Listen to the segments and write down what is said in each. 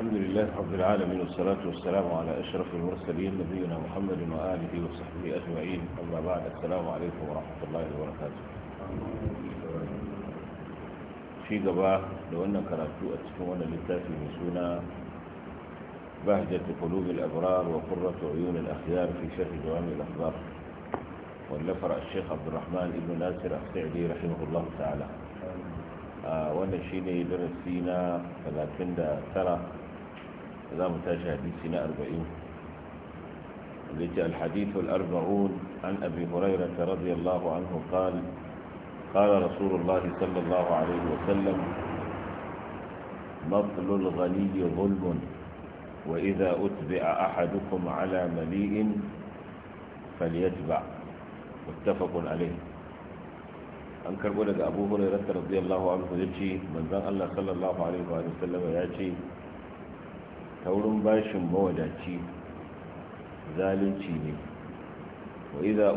الحمد لله رب العالمين والصلاة والسلام على أشرف المرسلين نبينا محمد وآله وصحبه أجمعين أما بعد السلام عليكم ورحمة الله وبركاته في قباء لو أن كراتو أتكون للتافي من سنة بهجة قلوب الأبرار وقرة عيون الأخيار في شرح جوامع الأخبار واللفر الشيخ عبد الرحمن ابن ناصر السعدي رحمه الله تعالى wannan shi ne darasi na 39 هذا متاجه حديث سنة أربعين الحديث الأربعون عن أبي هريرة رضي الله عنه قال قال رسول الله صلى الله عليه وسلم مطل الغني ظلم وإذا أتبع أحدكم على مليء فليتبع متفق عليه أنكر قولك أبو هريرة رضي الله عنه يجي من ذا الله صلى الله عليه وسلم يجي ta wurin bashin mawadaci zalunci ne wa idza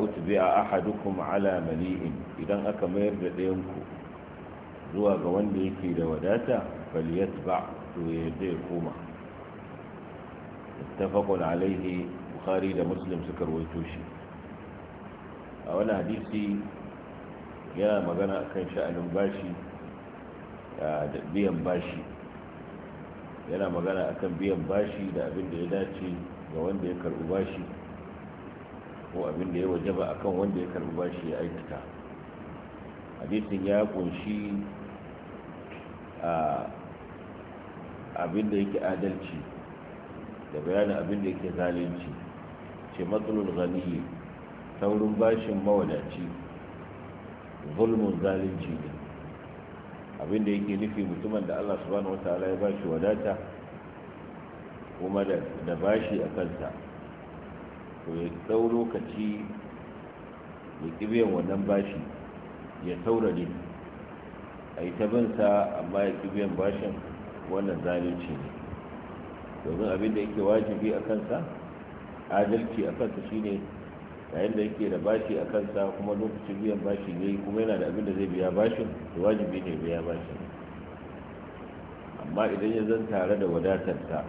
a ahadukum ala mali'in idan aka mayar da ɗayanku zuwa ga wanda yake da wadata ba to ya ya koma muttafaqun alaihe bukhari da muslim suka rawaito shi a wani hadisi yana magana akan sha'anin bashi da biyan bashi yana magana akan biyan bashi da abin da ya dace ga wanda ya karbi bashi ko abin da ya wajaba akan wanda ya karbi bashi ya aikata hadisin ya kunshi a abin da yake adalci da bayanin abin da yake zalunci ce matsalul gani saurin bashin mawadaci zulmun zalunci ne abinda yake nufi mutumin da Allah subhanahu wataala ya bashi wadata kuma da bashi a kanta to ya dau lokaci ya kibiyan wannan bashi ya taurari a yi ta amma ya kibiyan bashin wannan zalunci ne domin abinda yake wajibi a kansa adalci a kansa shine ne yayin da yake da bashi a kansa kuma lokacin biyan bashi ne kuma yana da abin da zai biya bashin da wajibi ne biya bashin amma idan ya zan tare da wadatarsa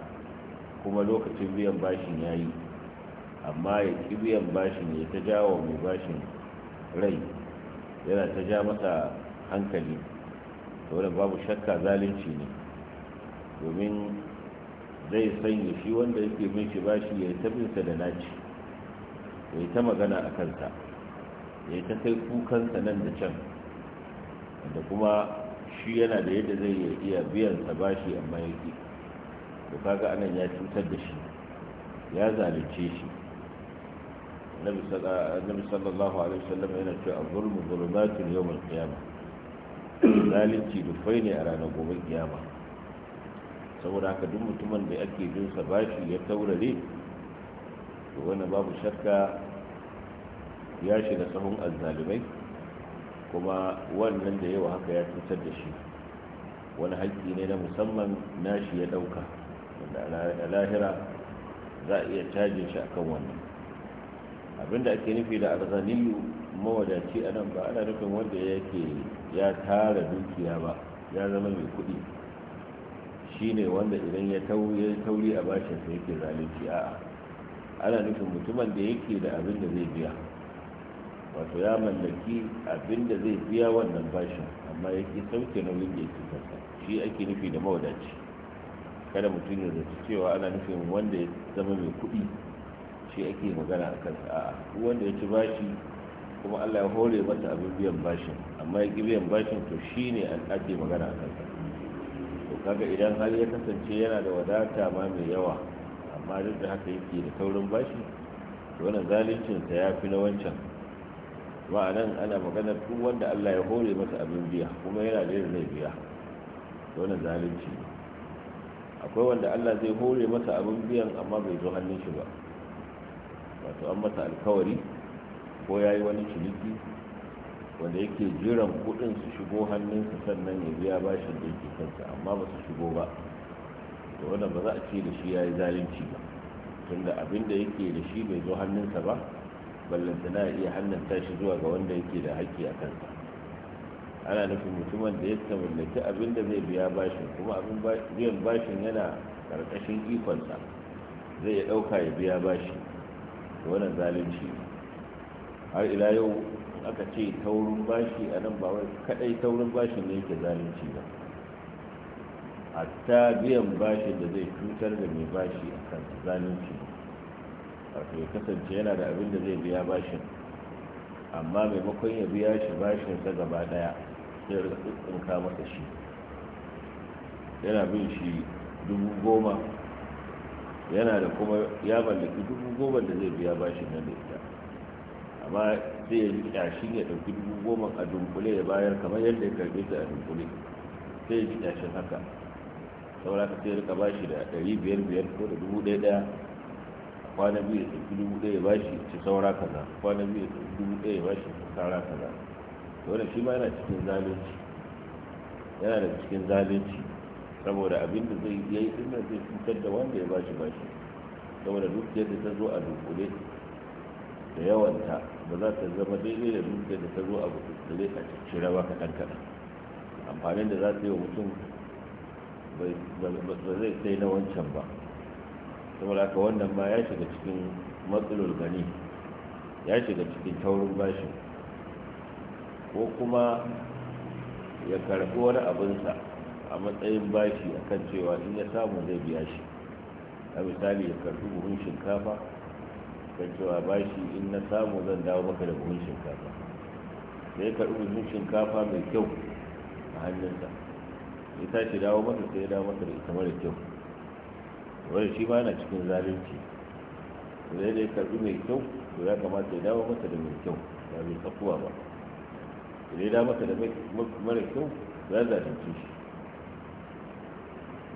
kuma lokacin biyan bashin ya yi amma ya ƙi biyan bashin ya ta jawo mai bashin rai yana ta ja masa hankali to babu shakka zalunci ne domin zai sanya shi wanda yake min shi bashi ya ta da naci ya yi ta magana a kanta ya yi ta kai kukansa nan da can da kuma shi yana da yadda zai iya biyan sa bashi amma ya ke da kaga anan ya cutar da shi ya zalunce shi annabi sallallahu alaihi wasallam yana cewa zulmu zulumatul yawm al zalunci dufai ne a ranar gobe kiyama saboda haka duk mutumin da ake bin sa bashi ya taurare to wannan babu shakka ya shiga sahun azzalumai kuma wannan da yawa haka ya cutar da shi wani haƙƙi ne na musamman nashi ya ɗauka wanda a lahira za a iya cajin shi akan wannan abinda ake nufi da arzaniyu mawadaci a nan ba ana nufin wanda yake ya tara dukiya ba ya zama mai kuɗi shi ne wanda idan ya tauri a bashin sa yake zalunci a'a ana nufin mutumin da yake da abin da zai biya wato ya mallaki abin da zai biya wannan bashin amma yake sauke nauyin da yake kasa shi ake nufi da mawadaci kada mutum ya zaci cewa ana nufin wanda ya zama mai kuɗi shi ake magana a kansa a wanda ya ci bashi kuma allah ya hore masa abin biyan bashin amma ya biyan bashin to shi ne ake magana a kansa to kaga idan har ya kasance yana da wadata ma mai yawa amma duk da haka yake da taurin bashi wannan zaluncinsa ya fi na wancan nan ana maganar duk wanda Allah ya hore masa abin biya kuma yana da yadda zai biya wannan zalunci ne akwai wanda Allah zai hore masa abin biyan amma bai zo hannun shi ba wato an masa alkawari ko yayi wani ciniki wanda yake jiran kudin su shigo hannunsa sannan ya biya bashin da yake kansa amma ba su shigo ba to wannan ba za a ce da shi ya yi zalunci ba tunda abin da yake da shi bai zo hannunsa ba ballanta na iya hannunta shi zuwa ga wanda yake da haƙƙi a kansa ana nufin mutumin da ya mallaki abin da zai biya bashin kuma abin biyan bashin yana ƙarƙashin ikonsa zai ya ɗauka ya biya bashi to wannan zalunci har ila yau aka ce taurin bashi a nan ba wai kaɗai taurin bashin ne yake zalunci ba hatta biyan bashi da zai cutar da mai bashi a kan zalunci wato ya kasance yana da abin da zai biya bashin amma maimakon ya biya shi bashin ta gaba daya sai rika kama masa shi yana bin shi dubu goma yana da kuma ya mallaki dubu goma da zai biya bashin nan da ita amma sai ya ji kyashin ya ɗauki dubu goma a dunkule ya bayar kamar yadda ya karbe ta a dunkule sai ya ji kyashin haka saura ka sai ka bashi da ɗari biyar biyar ko da dubu ɗaya ɗaya kwana biyu ya ɗauki dubu ɗaya bashi ci saura kaza kwana biyu ya ɗauki dubu ɗaya bashi ci saura kaza wannan shi ma yana cikin zalunci yana da cikin zalunci saboda abin da zai yi din nan zai cutar da wanda ya bashi bashi saboda duk da ta zo a dunkule da yawanta ba za ta zama daidai da duk da ta zo a dunkule a cikin ba kaɗan kaɗan amfanin da za ta yi wa mutum ba zai sai na wancan ba saboda haka wannan ma ya shiga cikin matsalar gani ya shiga cikin taurin bashi ko kuma ya karɓi wani abinsa a matsayin bashi a kan cewa in ya samu zai biya shi a misali ya karɓi buhun shinkafa kan cewa bashi in na samu zan dawo maka da buhun shinkafa sai karbi buhun shinkafa mai kyau a hannunsa ya tashi dawo masa sai ya dawo masa da ita mara kyau wanda shi ma yana cikin zalunci da ya karbi mai kyau to ya kamata ya dawo masa da mai kyau ba mai tsakuwa ba da ya dawo masa da mara kyau za a zalunci shi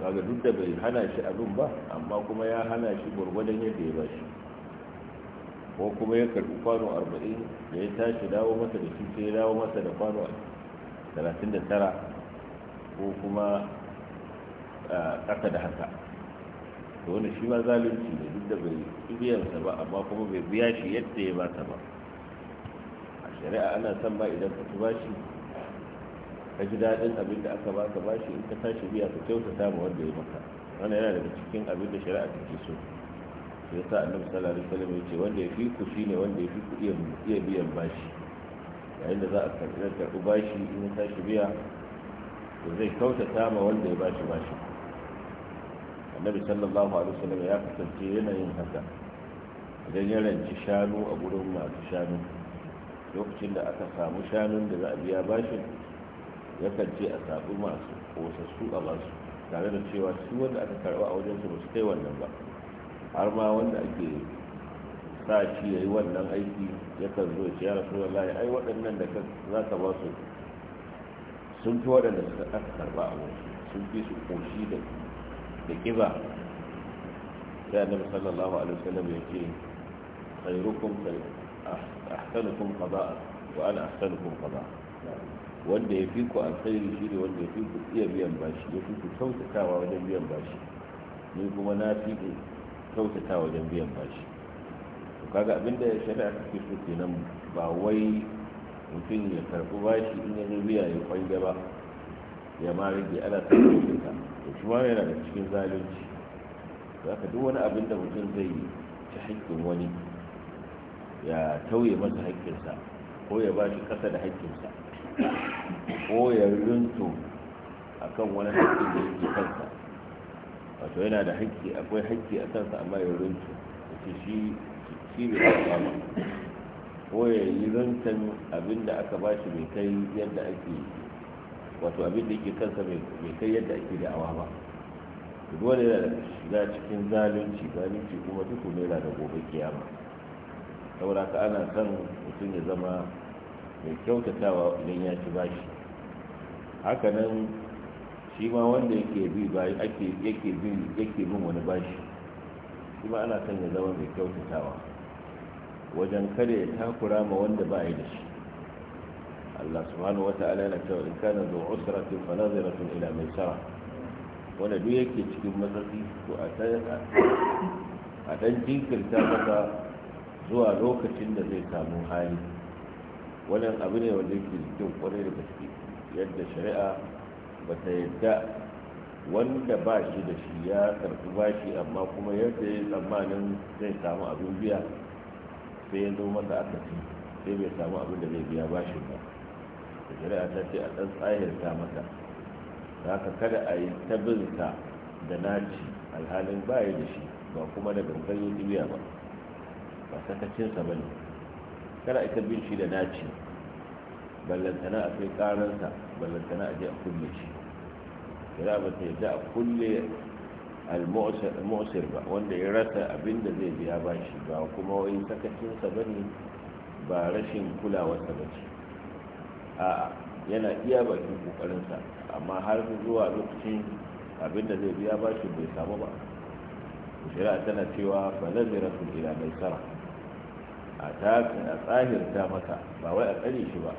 ba ga duk da bai hana shi abin ba amma kuma ya hana shi gwargwadon yadda ya ba shi ko kuma ya karbi kwano arba'in da ya tashi dawo masa da shi sai ya dawo masa da kwano talatin da tara ko kuma ƙasa da haka to wani shi ma zalunci ne duk da bai biyansa ba amma kuma bai biya shi yadda ya bata ba a shari'a ana son ba idan ka ba bashi ka ji daɗin abin da aka baka bashi in ka tashi biya ka kyautata ma wanda ya maka wani yana daga cikin abin da shari'a take so sai sa annabi sallallahu alaihi wasallam ce wanda ya fi ku shi ne wanda ya fi ku iya biyan bashi yayin da za a karɓi bashi in ka tashi biya to zai kautata ma wanda ya bashi bashi annabi sallallahu alaihi wasallam ya kasance yanayin yin haka idan ya ranci shanu a gurin masu shanu lokacin da aka samu shanun da za a biya bashin ya ce a sabu masu kosassu a basu tare da cewa su wanda aka karba a wajen su su kai wannan ba har ma wanda ake sa shi ya yi wannan aiki ya kan zo ya ce ya rasu ai waɗannan da za ka ba sun fi waɗanda suka aka karba a wasu sun fi su koshi da ƙiba sai annabi sallallahu alaihi wasallam ya ce khairukum ahsanukum qada'a wa ana ahsanukum qada'a wanda ya fi ku alkhairi shi ne wanda ya fi ku iya biyan bashi ya fi ku kyautatawa wajen biyan bashi ni kuma na fi ku kyautatawa wajen biyan bashi to kaga abinda shari'a take so kenan ba wai mutum ya karɓi bashi in ya zo biya ya kwai ba ya ma rage ana samun ka da shi ma yana da cikin zalunci za ka duk wani abin da mutum zai yi ta haƙƙin wani ya tauye masa haƙƙinsa ko ya ba shi ƙasa da haƙƙinsa ko ya rinto a kan wani haƙƙin da yake kansa wato yana da haƙƙi akwai haƙƙi a kansa amma ya rinto da shi shi bai ba ko ya yi rancen abin da aka ba shi bai kai yadda ake wato abin da yake kansa mai kai yadda ake awa ba dole yana da shiga cikin zalunci zalunci kuma duk yana da gobe kiyama saboda ka ana son mutum ya zama mai kyautatawa idan ya ci bashi Haka nan, shi ma wanda yake bi bayi ake yake bin yake bin wani bashi shi ma ana son ya zama mai kyautatawa wajen kare ya takura ma wanda ba ya da shi Allah subhanahu wa ta'ala yana cewa in kana zu usratin fa naziratun ila sara wanda duk yake cikin matsatsi to a a dan jinkirta maka zuwa lokacin da zai samu hali wannan abu ne wanda yake cikin kwarai da gaske yadda shari'a ba ta yadda wanda ba shi da shi ya karɓi bashi amma kuma yadda ya tsammanin zai samu abin biya sai ya zo masa aka ci sai bai samu abin da zai biya shi ba da shari'a ta ce a ɗan tsahirta masa da ka kada a yi ta da naci alhalin baya da shi ba kuma da gangan yi biya ba ba sakacinsa ba ne kada a yi ta bin shi da naci ballantana a kai karansa ballantana a je a kulle shi shari'a ba ta yadda a kulle al-mu'sir ba wanda ya rasa abin da zai biya bashi ba kuma wai sakacinsa bane ba rashin kulawa ba ce a yana iya bakin sa amma har zuwa lokacin abin da zai biya bashi bai samu ba shari'a tana cewa falazira su ila mai sara a ta a ta masa ba wai a tsare shi ba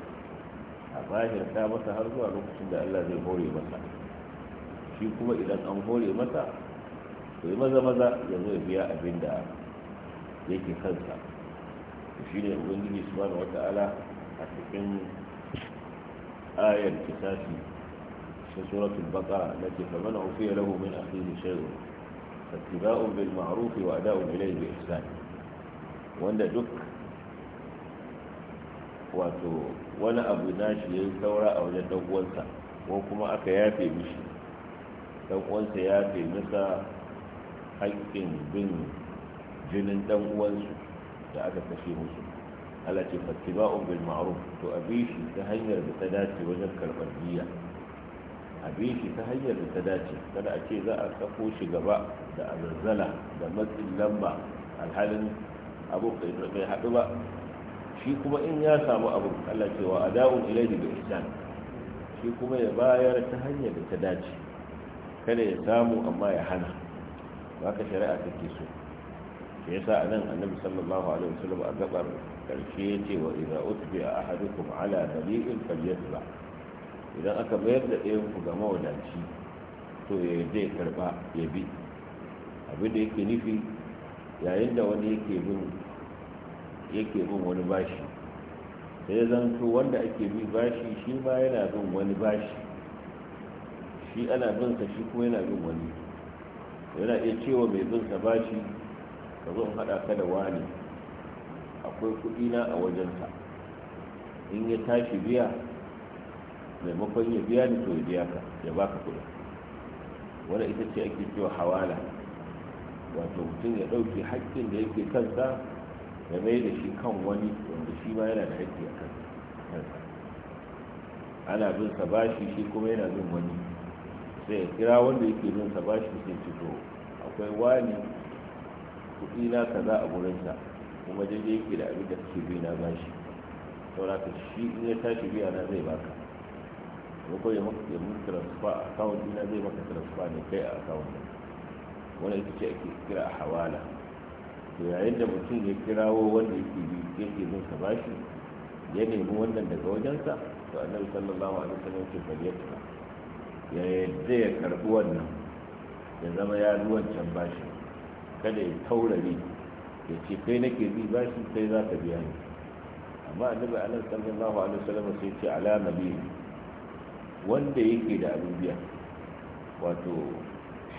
a ta masa har zuwa lokacin da allah zai hore masa shi kuma idan an hore masa to yi maza-maza ya zo biya abin da ke kansa shi ne ubangiji su wata ala a cikin ayar kisashi ta suratun baka na ke kamar na ofiyar lahu min a cikin a fattiba'un bil ma'arufi wa da'un bilai bi ne. wanda duk wato wani abu na shi ya yi saura a wajen ɗan uwansa ko kuma aka yafe mishi ɗan uwansa ya yafe masa haƙƙin bin jinin ɗan uwansu da aka kashe musu Allah ce fattiba'un bil ma'ruf to abi shi ta hanyar da ta dace wajen karɓar biya abi shi ta hanyar da ta dace kada a ce za a kafo shi gaba da azazzala da matsin lamba alhalin abu bai haɗu ba shi kuma in ya samu abu Allah cewa ada'un ilayhi bi ihsan shi kuma ya bayar ta hanyar da ta dace kada ya samu amma ya hana haka shari'a take so shi yasa anan annabi sallallahu alaihi wasallam a gabar karshe yace wa idza utbi ahadukum ala dalil falyatba idan aka bayar da ɗayan ku ga mawadaci to ya zai karba ya bi abin da yake nufi yayin da wani yake bin yake bin wani bashi sai zanto wanda ake bi bashi shi ma yana bin wani bashi shi ana bin sa shi kuma yana bin wani yana iya cewa mai bin bashi ka zo hada ka da wani akwai kuɗi na a wajensa in ya tashi biya maimakon ya biya ni to ya biya ka ya baka kuɗi wanda ita ce ake cewa hawala wato mutum ya ɗauki haƙƙin da yake kansa ya mai da shi kan wani wanda shi ma yana da haƙƙi a kansa ana bin sa bashi shi kuma yana bin wani sai kira wanda yake nun sa shi sai fito akwai wani kuɗi na kaza a sa kuma daidai yake da abin da kake bi na bashi saboda ka shi in ya tashi biya na zai baka ko ya maka mun transfer account na zai maka transfer ne kai a account din wani ita ce ake kira a hawala to yayin da mutum ya kirawo wanda yake bi yake bin sa bashi ya nemi wannan daga wajensa to annabi sallallahu alaihi wasallam ya ce bari ya yadda ya karbi wannan ya zama ya ruwancan bashi kada ya taurari, ya ce kai nake bi bashi kai za ka biya ni amma annabi alaihi sallallahu alaihi wasallam sai ce alama biyu wanda yake da abin biya wato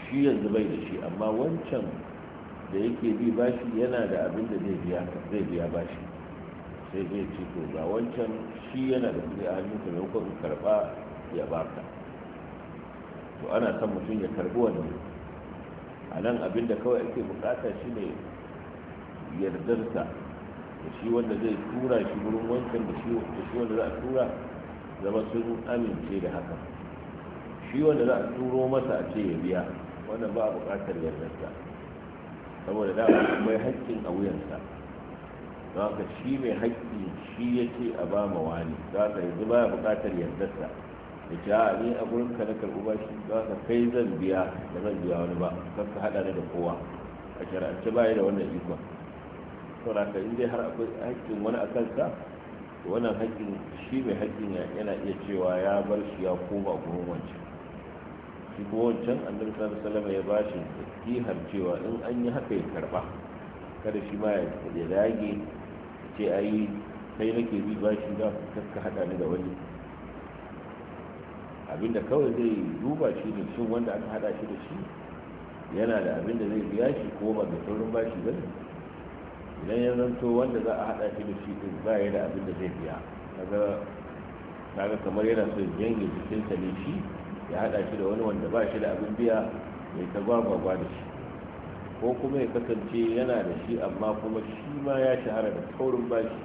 shi yanzu bai da shi amma wancan da yake bi bashi yana da abin da zai biya zai biya bashi sai zai ce to ga wancan shi yana da kuɗi a hannunka ne ko in ya baka to ana son mutum ya karbi wannan a nan abinda kawai ake bukata ne yardarsa da shi wanda zai tura shi wurin wancan da shi wanda za a tura zama sun amince da haka shi wanda za a turo masa a ce ya biya wannan ba a bukatar yardarsa saboda da mai haƙƙin a wuyansa don haka shi mai haƙƙi shi ya ce a ba ma wani za ka yanzu ba a bukatar yardarsa da ta ne a gurin ka na karɓi bashi ba ka kai zan biya da zan biya wani ba kan ka haɗa ni da kowa a shari'ance ba yi da wannan ikon saboda ka in dai har akwai haƙƙin wani a kanka wannan haƙƙin shi mai haƙƙin yana iya cewa ya bar shi ya koma gurin wancan shi kuma wancan annabi sallallahu alaihi ya bashi tihar cewa in an yi haka ya karba kada shi ma ya dage ce ayi kai nake bi bashi kan ka haɗa ni da wani abinda kawai zai duba shi ne sun wanda aka hada shi da shi yana da abinda zai biya shi ko ba da saurin bashi ba idan ya zanto wanda za a hada shi da shi din ba ya da abinda zai biya kaga kaga kamar yana so yanke jikinsa ne shi ya hada shi da wani wanda ba shi da abin biya mai ta gwagwagwa da shi ko kuma ya kasance yana da shi amma kuma shi ma ya shahara da ba bashi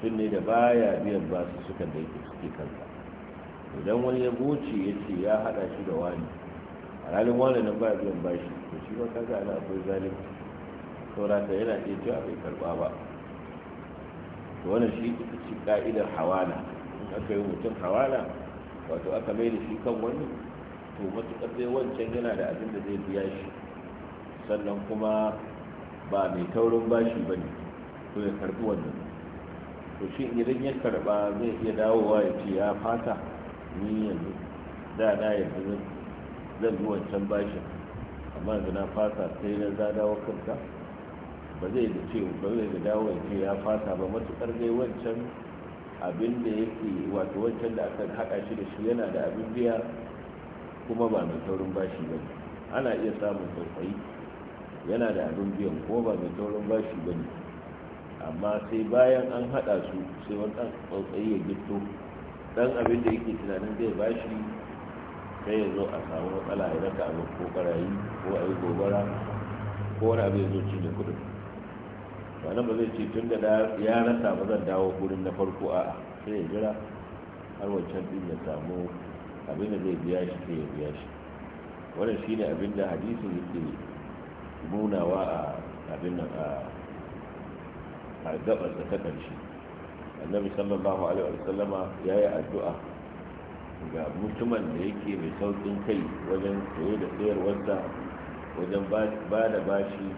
tun ne da baya biyan ba su sukan da yake suke kansa idan wani ya goce ya ce ya hada shi da wani a ranar wani nan ba biyan bashi to shi za a ana akwai zalunci saurata yana iya cewa bai karba ba to wani shi ita ce ka'idar hawala in aka yi mutum hawala wato aka mai da shi kan wani to matuƙar zai wancan yana da abin da zai biya shi sannan kuma ba mai taurin bashi ba ne to ya karbi wannan to shi idan ya karba zai iya dawowa ya ce ya fata ni yanzu da na yanzu zan bi wancan bashin amma yanzu na fasa sai na za dawo kanta ba zai da ce ba zai da dawo ya ce ya fasa ba matukar dai wancan abin da yake wato wancan da aka haɗa shi da shi yana da abin biya kuma ba mai taurin bashi ba ana iya samun tsautsayi yana da abin biyan kuma ba mai taurin bashi ba ne amma sai bayan an haɗa su sai wani tsautsayi ya gito dan abin da yake tunanin zai bashi sai ya zo a samu matsala ya raka abin ko barayi ko a yi gobara ko wani abin ya zo da kudin nan ba zai ce tun da ya rasa ba zan dawo gurin na farko a sai ya jira har wancan din ya samu abin da zai biya shi sai ya biya shi wannan shine abin da hadisin yake nunawa a abin nan a gabar da ta ƙarshe annabi sallallahu alaihi wa ya yi addu'a ga mutumin da yake mai saukin kai wajen koyo da sayarwarsa wajen ba da bashi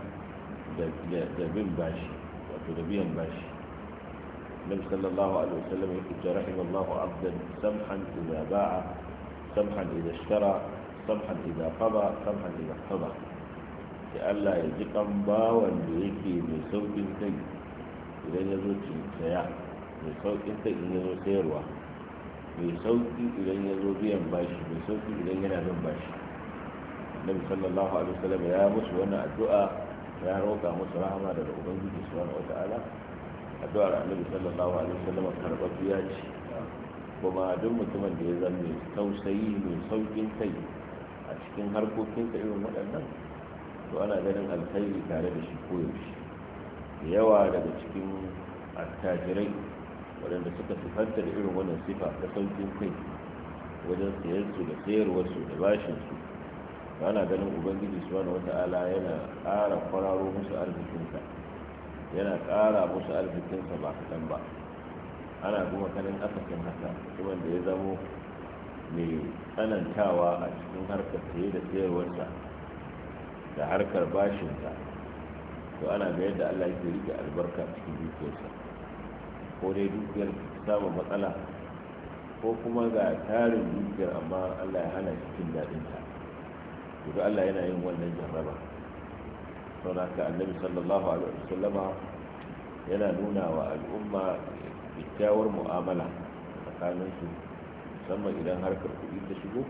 da bin bashi wato da biyan bashi النبي صلى الله عليه وسلم يقول رحم الله عبدا سمحا إذا باع سمحا إذا اشترى سمحا إذا قضى سمحا إذا اقتضى لئلا يجقم باوا بيكي بسوق الكي إذا mai sauƙin ta in ya zo sayarwa mai sauƙi idan ya zo biyan bashi mai sauƙi idan yana zan bashi annabi sallallahu alaihi wasallam ya musu wani addu'a ya roƙa musu rahama daga ubangiji subhanahu ala? addu'ar annabi sallallahu alaihi wasallam biya ce kuma duk mutumin da ya zama mai tausayi mai sauƙin kai a cikin harkokin harkokinsa irin waɗannan to ana ganin alkhairi tare da shi koyaushe yawa daga cikin attajirai waɗanda suka sifanta da irin wannan sifa ta sauƙin kai wajen su da sayarwarsu da bashinsu ana ganin ubangiji su wani wata'ala yana ƙara kwararo musu arzikinsa yana ƙara musu arzikinsa ba kaɗan ba ana kuma kanin asafin haka kuma da ya zamo mai tsanantawa a cikin harkar saye da sayarwarsa da harkar bashinsa to ana ga yadda allah yake rike albarka cikin dukiyarsa ko dai dukiyar samu matsala ko kuma ga tarin dukiyar amma allah ya hana cikin daɗin ta allah yana yin wannan jarraba sau da haka annabi sallallahu alaihi wasallama yana nuna wa al'umma kyakkyawar mu'amala tsakaninsu musamman idan harkar kuɗi ta shigo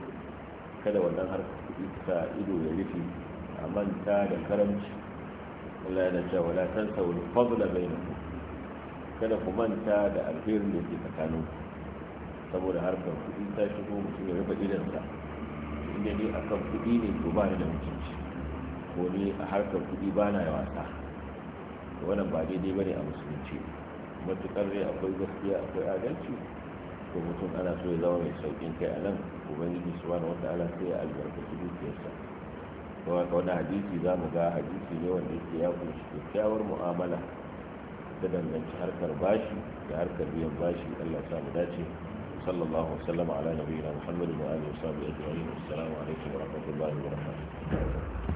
kada wannan harkar kuɗi ta ido ya rufe a manta da karamci Allah yana cewa la tansa fadla bainakum kada ku manta da alherin da ke tsakanin saboda harkar kuɗi ta shigo mutum ya rufe sa inda ni akan kuɗi ne to ba ni da mutunci ko ni a harkar kuɗi ba na yawa ta wannan ba daidai ba ne a musulunci matuƙar ne akwai gaskiya akwai adalci ko mutum ana so ya zama mai sauƙin kai a nan ubangiji su wani wata ala sai ya albarkaci dukiyarsa to haka wani hadisi za mu ga hadisi ne wanda yake ya kunshi kyakkyawar mu'amala ta danganci harkar bashi da harkar biyan bashi Allah ya mu dace sallallahu alaihi wasallama ala nabiyina muhammadin wa alihi wa sahbihi ajma'in assalamu alaikum wa rahmatullahi wa barakatuh